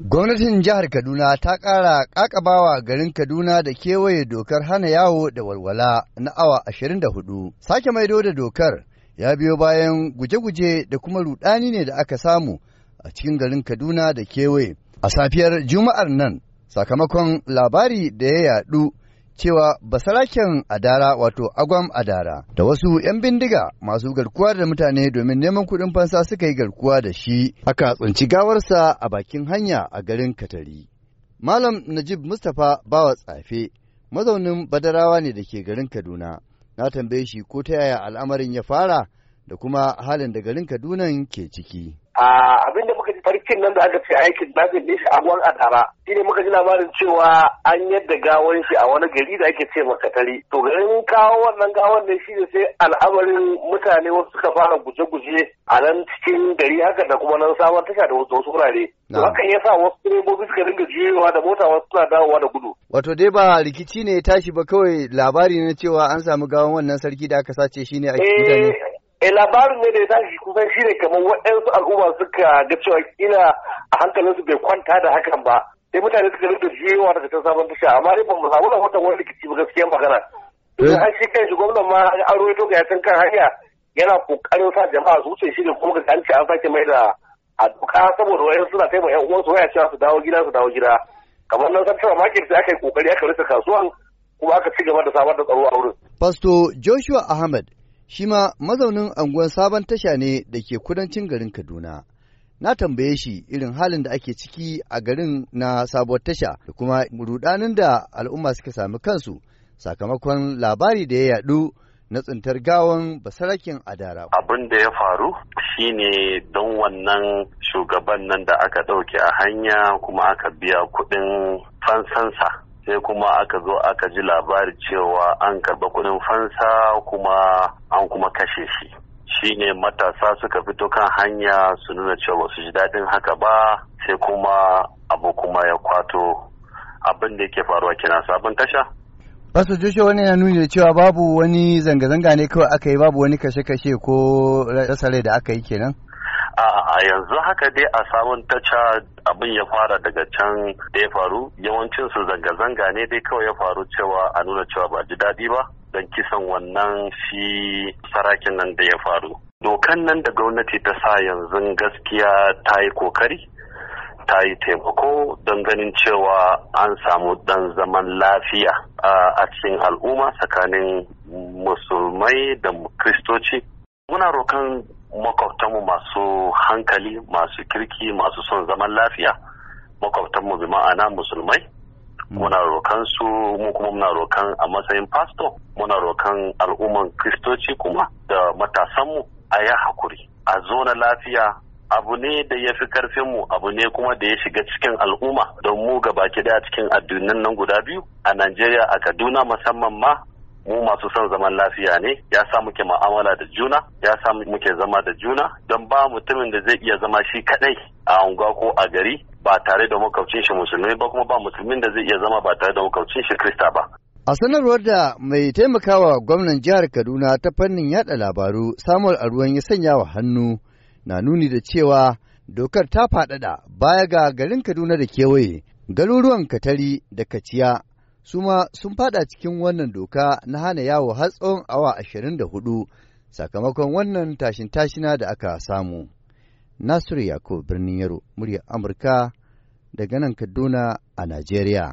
Gwamnatin jihar Kaduna ta ƙara ƙaƙabawa garin Kaduna da kewaye dokar hana yawo da walwala na awa 24. Sake maido da dokar ya biyo bayan guje-guje da kuma rudani ne da aka samu a cikin garin Kaduna da kewaye. A safiyar Juma'ar nan, sakamakon labari da ya yaɗu cewa basaraken adara wato agwam adara da wasu 'yan bindiga masu garkuwa da mutane domin neman kuɗin fansa suka yi garkuwa da shi aka tsinci gawarsa a bakin hanya a garin katari malam najib mustapha bawa tsafe mazaunin badarawa ne da ke garin kaduna na tambaye shi ko ta yaya al'amarin ya fara da kuma halin da garin kaduna ke ciki a abin da muka ji farkin nan da aka ce aikin dafin ne shi a adara shi ne muka ji labarin cewa an yadda gawan shi a wani gari da ake ce makatari to in kawo wannan gawan ne shi ne sai al'amarin mutane wasu suka fara guje-guje a nan cikin gari haka da kuma nan sabon tasha da wasu wurare to hakan ya sa wasu direbobi suka dinga juyewa da mota wasu suna dawowa da gudu wato dai ba rikici ne ya tashi ba kawai labari ne cewa an samu gawan wannan sarki da aka sace shi ne a eh, mutane e labarin ne da ya tashi kusan shi ne kamar waɗansu al'umma suka ga cewa ina a hankalinsu bai kwanta da hakan ba sai mutane suka rika juyewa daga can sabon tasha amma dai ba mu samu wata wani rikici ba gaskiya magana an an shi shi gwamnan ma an roito ya san kan hanya yana kokarin sa jama'a su wuce shi ne kuma ga an ce an sake mai da a doka saboda wayan suna ma yan uwansu waya cewa su dawo gida su dawo gida kamar nan san market sai aka yi kokari aka rasa kasuwan kuma aka ci gaba da samar da tsaro a wurin. Pasto Joshua Ahmed shi ma mazaunin anguwan sabon tasha ne da ke kudancin garin Kaduna. Na tambaye shi irin halin da ake ciki a garin na sabuwar tasha da kuma rudanin da al'umma suka sami kansu sakamakon labari da ya yadu na tsintar gawon basarakin adara. Abin da ya faru shine don wannan shugaban nan da aka ɗauke a hanya kuma aka biya kuɗin fansansa. sai kuma aka zo aka ji labari cewa an karba kudin fansa kuma an kuma kashe shi shine matasa suka fito kan hanya su nuna cewa su ji daɗin haka ba sai kuma abu kuma ya kwato abin da yake faruwa kina sabon kasha. Basu Joshua wani na nuni da cewa babu wani zanga-zanga ne kawai aka yi babu wani kashe-kashe ko rasa rai da aka yi kenan. a yanzu haka dai a sabon taca abin ya fara daga can da ya faru yawancin su zanga-zanga ne dai kawai ya faru cewa a nuna cewa ba ji daɗi ba don kisan wannan shi sarakin nan da ya faru dokan nan da gwamnati ta sa yanzu gaskiya ta yi kokari ta yi taimako don ganin cewa an samu dan zaman lafiya a cikin al'umma tsakanin musulmai da kristoci muna rokan makwabtanmu masu hankali masu kirki masu son zaman lafiya makwabtanmu bi ma'ana musulmai hmm. muna rokan su mu kuma muna rokan a matsayin pasto muna rokan al'umman kristoci kuma da matasanmu a ya hakuri a zona lafiya abu ne da ya fi karfinmu abu ne kuma da ya shiga cikin al'umma don mu gaba ki daya cikin addinan nan guda biyu a Najeriya a Kaduna musamman ma mu masu son zaman lafiya ne ya sa muke ma'amala da juna ya sa muke zama da juna don ba mutumin da zai iya zama shi kadai a unguwa ko a gari ba tare da makaucin shi musulmi ba kuma ba musulmin da zai iya zama ba tare da makaucin shi krista ba A sanarwar da mai taimakawa gwamnan jihar Kaduna ta fannin yada labaru Samuel Aruwan ya sanya wa hannu na nuni da cewa dokar ta faɗaɗa baya ga garin Kaduna da kewaye, garuruwan Katari da Kaciya suma sun fada cikin wannan doka na hana yawo har tsawon awa ashirin da hudu sakamakon wannan tashin tashina da aka samu. Nasiru Yakubu birnin Yaro, muryar Amurka daga nan Kaduna a Najeriya.